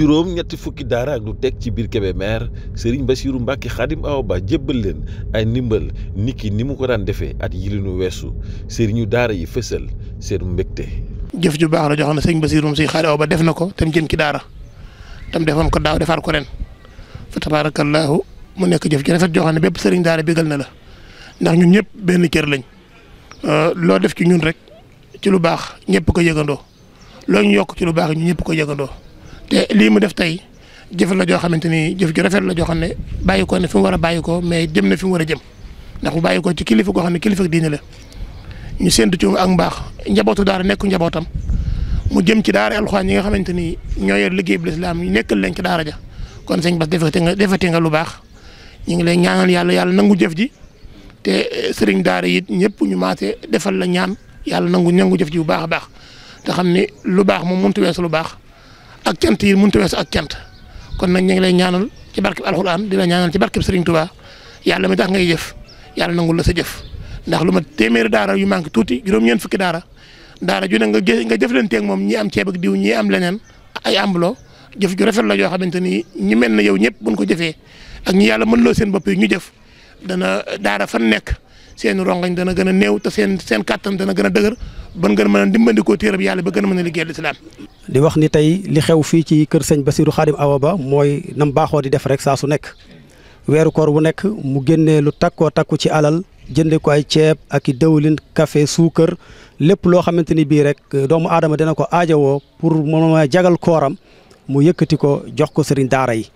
juróom ñetti fukki daara ak lu teg ci biir Kébémer Serigne Bassirou Mbacké Khadim Awa Ba jébbal leen ay ndimbal niki ni mu ko daan defee ak yi li weesu Serigne daara yi fësal seen mbégte. jëf ju baax la joo xam ne sëñ Bassirou si Khadim Ba def na ko tam jëm ci daara tam defoon ko daaw defaat ko ren fa tabaarakallaahu mu nekk jëf ju rafet joo xam ne bépp Serigne daara bégal na la ndax ñun ñëpp benn cër lañ euh, loo def ci ñun rek ci lu baax ñëpp ko yëgandoo ñu yokk ci baax ñun ñëpp ko yëgandoo. te lii mu def tey jëf la joo xamante ni jëf ju rafet la joo xam ne bàyyi ko ne fi war a bàyyi ko mais jëm na fi mu war a jëm ndax mu bàyyi ko ci kilifa goo xam ne kilifa diine la ñu séntu ci ak mbaax njabootu daara nekk njabootam mu jëm ci daara alxuraan yi nga xamante ni ñoo yor liggéey bi lislaam ñu nekkal leen ci daara ja kon sëñ Bass defati nga defati nga lu baax ñu ngi lay ñaanal yàlla yàlla nangu jëf ji te eh, sëriñ daara yi ñëpp ñu maase defal la ñaam yàlla nangu nangu jëf ji bu baax a baax te xam ne lu baax moom mënut weesu lu baax ak cant yi mënut a weesu ak cant kon nag ñu ngi lay ñaanal ci barkeb alxuraan di la ñaanal ci barkeb Serigne Touba yàlla mi tax ngay jëf yàlla nangul la sa jëf ndax lu ma téeméeri daara yu manqué tuuti juróom-ñeent fukki daara daara ju ne nga jë nga jëflanteeg moom ñi am ceeb diw ñi am leneen ay ambloo jëf ju rafet la yoo xamante ni ñi mel na yow ñëpp buñ ko jëfee ak ñi yàlla mën loo seen bopp yi ñu jëf dana daara fan nekk seen rongañ dana gën a néew te seen seen kàttan dana gën a dëgër ban gën a mën a dimbandikoo téerab yàlla ba gën a mën a liggéey lislaam di wax ni tey li xew fii ci kër sëñ Basiru Xaadim Awa Ba mooy nam baaxoo di def rek saa su nekk weeru koor bu nekk mu génnee lu takkoo takku ci alal jënde ko ay ceeb ak i dëwlin café suukar lépp loo xamante ni bii rek euh, doomu aadama dana ko aajowoo pour moom a jagal kooram mu yëkkati ko jox ko sëriñ daara yi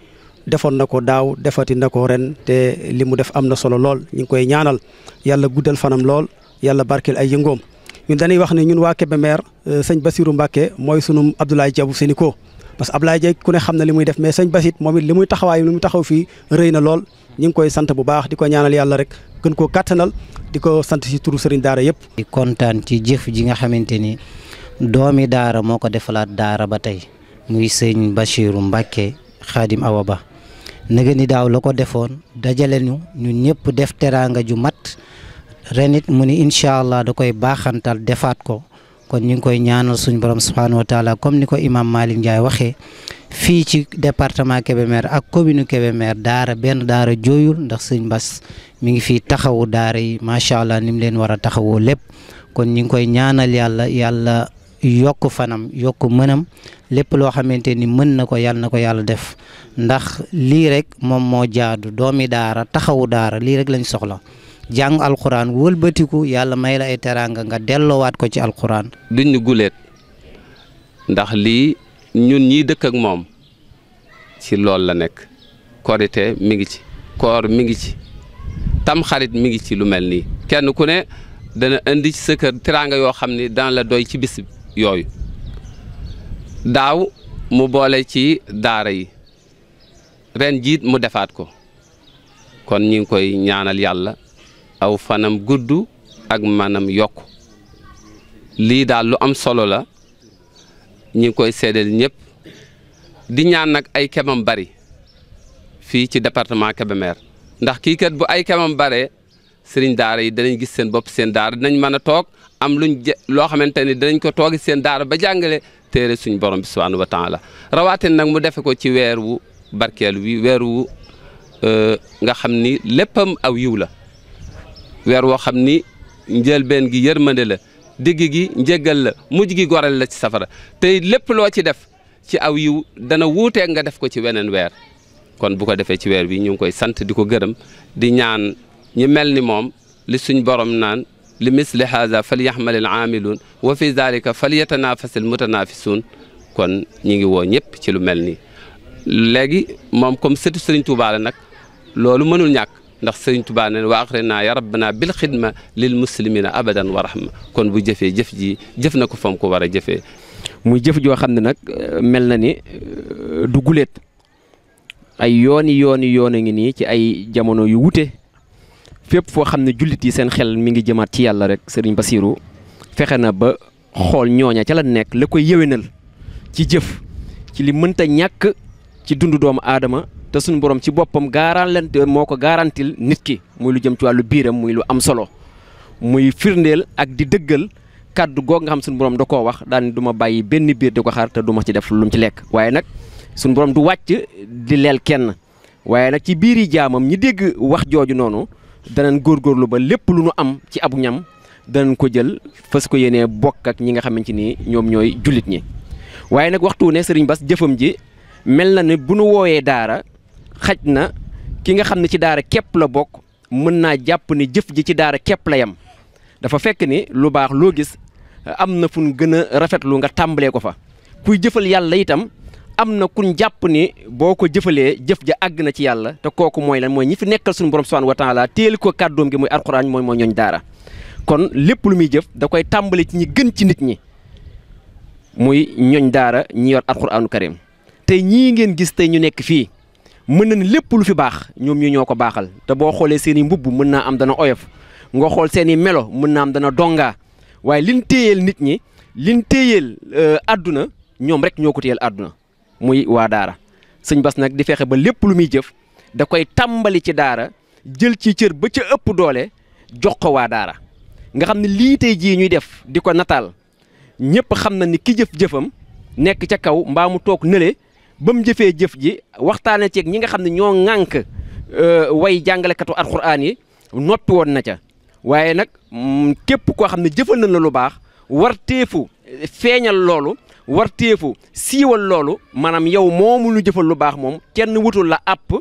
defoon na ko daaw defati na ko ren te li mu def am na solo lool ñu ngi koy ñaanal yàlla guddal fanam lool yàlla barkeel ay yëngoom ñun dañuy wax ne ñun waa Kébémer euh, sëñ Basirou Mbacke mooy sunu Abdoulaye Dia bu Sénico parce que Abdoulaye ku ne xam na li muy def mais sëñ Basit moom it li muy taxawaay li muy taxaw fii rëy na lool ñu ngi koy sant bu baax di ko ñaanal yàlla rek gën koo kàttanal di ko sant si turu sëriñ daara yëpp. di kontaan ci jëf ji nga xamante ni doomi daara moo ko defalaat daara ba tey muy sëñ Bachirou Mbacke Khadim Awa Ba. nëgë ni daaw la ko defoon dajale ñu ñun ñëpp def teraanga ju mat ren mu ni incha allah da koy baaxantal defaat ko kon ñu ngi koy ñaanal suñ borom subhaanahu wa taala comme ni ko imaam Malick Ndiaye waxee fii ci département Kébémer ak commune Kébémer daara benn daara jooyul ndax suñ Bass mi ngi fii taxawu daara yi macha allah nim leen war a taxawoo lépp kon ñu ngi koy ñaanal yàlla yàlla yokk fanam yokk mënam lépp loo xamante ni mën na ko yàlla na ko yàlla def ndax lii rek moom moo jaadu doomi daara taxawu daara lii rek lañ soxla. jàng alxuraan wëlbatiku yàlla may la ay teraanga nga delloowaat ko ci alxuraan. duñ ñu ndax lii ñun ñii dëkk ak moom ci loolu la nekk korite mi ngi ci koor mi ngi ci tamxarit mi ngi ci lu mel nii kenn ku ne dana indi ci sa kër teraanga yoo xam ni daan la doy ci bis yooyu daaw mu boole ci daara yi ren jiit mu defaat ko kon ñu ngi koy ñaanal yàlla aw fanam gudd ak manam yokk lii daal lu am solo la ñu koy seedeel ñépp di ñaan nag ay kemam bari fii ci departement Kébémer ndax kii kat bu ay kemam bare sëriñ daara yi danañ gis seen bopp seen daara dinañ mën a toog am luñ loo xamante ni danañ ko toogi seen daara ba jàngale téere suñu borom bi subhaanahu wa la rawaatin nag mu defe ko ci weer wu barkeel wi weer wu euh, nga xam ni léppam aw yiw la weer woo xam ni njëlbeen gi yërmande la digg gi njëggal la mujj gi goreel la ci safara tey lépp loo ci def ci aw yiw dana wuuteeg nga def ko ci weneen weer kon bu ko defee ci weer bi ñu ngi koy sant di ko gërëm di ñaan ñi mel ni moom li suñ borom naan li misli haza fal yaxmalil aamiluun wa fi zalika fal yatanafasil mutanafisuun kon ñi ngi woo ñëpp ci lu mel ni léegi moom comme sëtu Sëriñ Tuubaa nag loolu mënul ñàkk ndax sëriñ tubaa ne wa axri naa ya rabbana bil xidma lil muslimina abadan wa rahma kon bu jëfee jëf ji jëf na ko fam ko war a jëfee muy jëf joo xam ne nag ni du guléet ay yooni yooni yoon ngi nii ci ay jamono yu wute fépp foo xam ne jullit yi seen xel mi ngi jëmaat ci yàlla rek sëriñ Basiiru fexe ba xool ñooña ca la nekk la koy yëwénal ci jëf ci li mënta ñàkk ci dundu doom adama te suñu borom ci boppam garaalante moo ko garantil nit ki muy lu jëm ci walu biram muy lu am solo muy firndel ak di deggal kaddu gog nga xam suñu borom dako wax daan du ma benn biir diko ko xaar te duma ci def lu ci lek waye nak suñu borom du wacc di lel kenn waye nak ci biiri jaamam ñi dégg wax danan gor gor lu ba lepp lu nu am ci abu ñam dan ko jël fess ko yene bok ak ñi nga xamanteni ñom ñoy julit ñi waye nak waxtu ne serigne bas jëfëm ji mel na ne bu nu woowee daara xaj na ki nga xam ne ci daara képp la bokk mën naa jàpp ni jëf ji ci daara képp la yam dafa fekk ni lu baax loo gis am na fu ñu gën a rafetlu nga tàmbalee ko fa kuy jëfal yàlla itam am na kun jàpp ni boo ko jëfalee jëf ja àgg na ci yàlla te kooku mooy lan mooy ñi fi nekkal suñu borom subhanahu wa taala teel ko kàddoom gi muy alxuraan mooy moo ñooñ daara kon lépp lu muy jëf da koy tàmbali ci ñi gën ci nit ñi muy ñooñ daara ñi yor alxuraanu karim tey ñii ngeen gis tey ñu nekk fii mën na ne lépp lu fi baax ñoom ñu ñoo ko baaxal te boo xoolee seen i mbubb mën naa am dana oyof nga xool seen i melo mën naa am dana donga waaye liñ téyeel nit ñi liñ téyeel euh, àdduna ñoom rek ñoo ko téyeel àdduna muy waa daara sëñ Bass nag di fexe ba lépp lu muy jëf da koy tàmbali ci daara jël ci cër ba ca ëpp doole jox ko waa daara nga xam ne lii tey jii ñuy def di ko nataal ñëpp xam na ni ki jëf-jëfam nekk ca kaw mbaa mu toog nële ba mu jëfee jëf ji waxtaane ceeg ñi nga xam ne ñoo ŋànk euh, way jàngalekatu alxuraan yi noppi woon na ca waaye nag mm, képp koo xam ne jëfal na la lu baax war teefu feeñal loolu warteefu teefu siiwal loolu maanaam yow moomu lu jëfal lu baax moom kenn wutul la àpp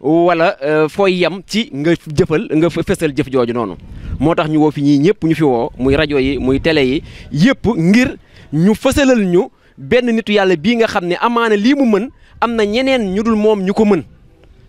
wala euh, foo yem ci nga jëfal nga fesal jëf jooju noonu moo tax ñu woo ñii ñëpp ñu fi woo muy rajo yi muy tele yi yëpp ngir ñu fësalal ñu benn nitu yàlla bii nga xam ne amaana lii mu mën am na ñeneen ñu dul moom ñu ko mën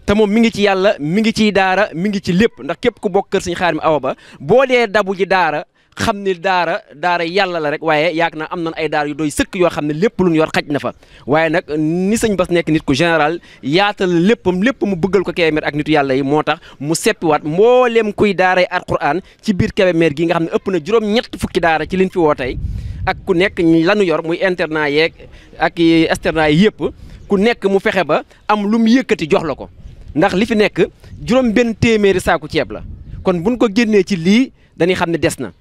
te moom mi ngi ci yàlla mi ngi ciy daara mi ngi ci lépp ndax képp ku bokk kër xaar Xaadim Awa Ba boo dee dabu ji daara xam ne daara daara yàlla la rek waaye yaag naa am na ay daara yu doy sëkk yoo xam ne lépp lu ñu yor xaj na fa waaye nag ni sëñ bas nekk nit ku général yaatal léppam lépp mu buggal ko Kébémer ak nitu yàlla yi moo tax mu seppiwaat mbooleem kuy daaray alquran ci biir Kébémer gi nga xam ne ëpp na juróom fukki daara ci liñ fi woo tey ak ku nekk lanu yor muy internat yeeg ak externat yi yëpp ku nekk mu fexe ba am lu mu yëkkati jox la ko ndax li fi nekk juróom benn téeméeri saaku ceeb la kon buñ ko génnee ci lii dañuy xam ne des na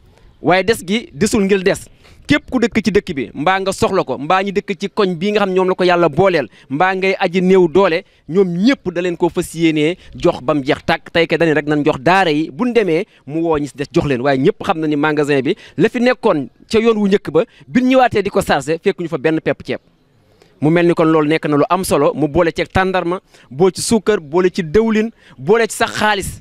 waaye des gi desul ngir des képp ku dëkk ci dëkk bi mbaa nga soxla ko mbaa ñi dëkk ci koñ bii nga xam ñoom la ko yàlla booleel mbaa ngay aji néew doole ñoom ñëpp da leen koo fas yéenee jox ba mu jeex tàkk tey kay dañu rek nañ jox daara yi buñ demee mu woo ñi si des jox leen waaye ñëpp xam na ni magasin bi la fi nekkoon ca yoon wu njëkk ba biñ ñëwaatee di ko chargé fekk ñu fa benn pepp ceeb mu mel ni kon loolu nekk na lu am solo mu boole ceeg tàndarma boole ci suukar boole ci dëwlin boole ci sax xaalis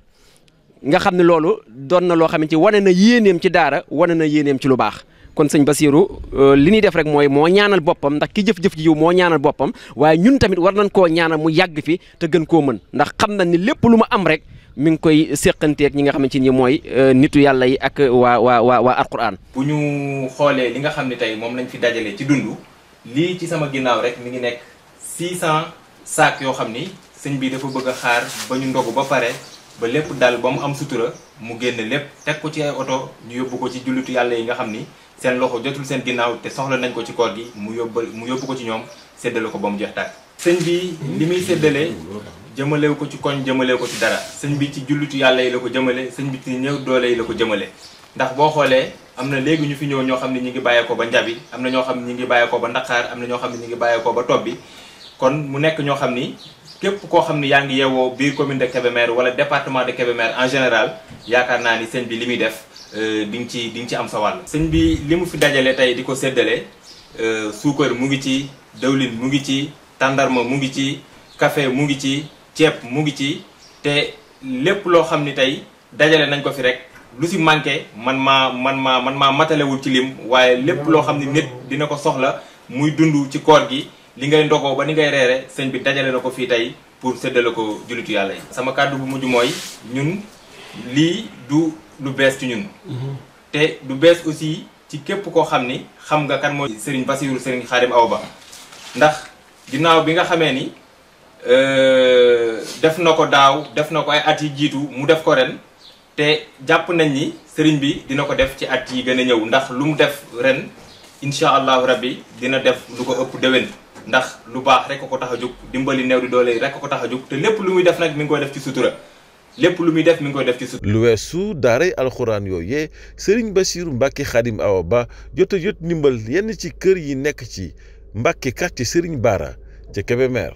nga xam ne loolu doon na loo xamante wane na yéeneem ci daara wane na yéeneem ci lu baax kon sëñ Basiiru euh, li ñuy def rek mooy moo ñaanal boppam ndax ki jëf-jëf ji yiw moo ñaanal boppam waaye ñun tamit war nañ koo ñaanal mu yàgg fi te gën koo mën ndax xam nañ ni lépp lu ma am rek mi ngi koy séqanteeg ñi nga xamante ni mooy euh, nitu yàlla yi ak waa waa waa waa alquran ñu xoolee li nga xam ne tey moom lañ fi dajale ci dund lii ci sama ginnaaw rek mi ngi nekk 600 saak yoo xam ni sëñ bi dafa bëgg a xaar ba ñu ndogu ba pare ba lépp daal ba mu am sutura mu génn lépp teg ko ci ay oto ñu yóbbu ko ci jullitu yàlla yi nga xam ni sen loxo jotul sen ginnaw te soxla nañ ko ci koor gi mu yobbal mu yobbu ko ci ñom séddale ko ba mu jeex tàkk señ bi limi sédelé séddalee ko ci koñ jëmalewu ko ci dara señ bi ci jullutu yalla yi lako jëmele señ bi ci ñew doole yi la ko ndax bo xolé amna légui ñu fi ñew ño xamni ñi ngi ngi ko ba njabi amna ño xamni ñi ngi ñu ko ba ndaqaar amna ño xamni ñi ngi ñu ko ba tob kon mu nekk ño xamni ni képp koo xam ni yaa ngi yeewoo biir commune de Kébémer wala département de Kébémer en général yaakaar naa ni sëñ bi li muy def Euh, di nga ci di nga ci am sa wàll. sëñ bi li mu fi dajale tey di ko séddale euh, suukar mu ngi ci dawlin mu ngi ci tàndarma mu ngi ci kafe mu ngi ci ceeb mu ngi ci te lépp loo xam ni tey dajale nañ ko fi rek lu si manqué man maa man maa man maa matalewul ci lim waaye lépp loo xam ni nit dina ko soxla muy dund ci koor gi li ngay ndogoo ba ni ngay reere sëñ bi dajale na ko fii tey pour séddale ko jullitu yàlla yi. sama kàddu bu mujj mooy ñun. lii du lu bees ci ñun. Mhm. te du bees aussi ci képp koo xam ni xam nga kan mooy Serigne Bassirou Serigne Khadim Awa Ba ndax ginnaaw bi nga xamee ni euh, def na ko daaw def na ko ay at yi jiitu mu def ko ren te jàpp nañ ni Serigne bi dina ko def ci at yi gën a ñëw ndax lu mu def ren incha allahu rabbi dina def lu ko ëpp déwén. ndax lu baax rek ko tax a jóg dimbali néew di doole rek ko tax a jóg te lépp lu muy def nag mi ngi def ci sutura. lépp lu muy def mi def ci suuf. lu weesu daaray alxuraan yooyee Serigne basiiru Mbacke Khadim Awa Ba jot jot ndimbal yenn ci kër yi nekk ci Mbacke quartier Serigne Bara ca Kébémer.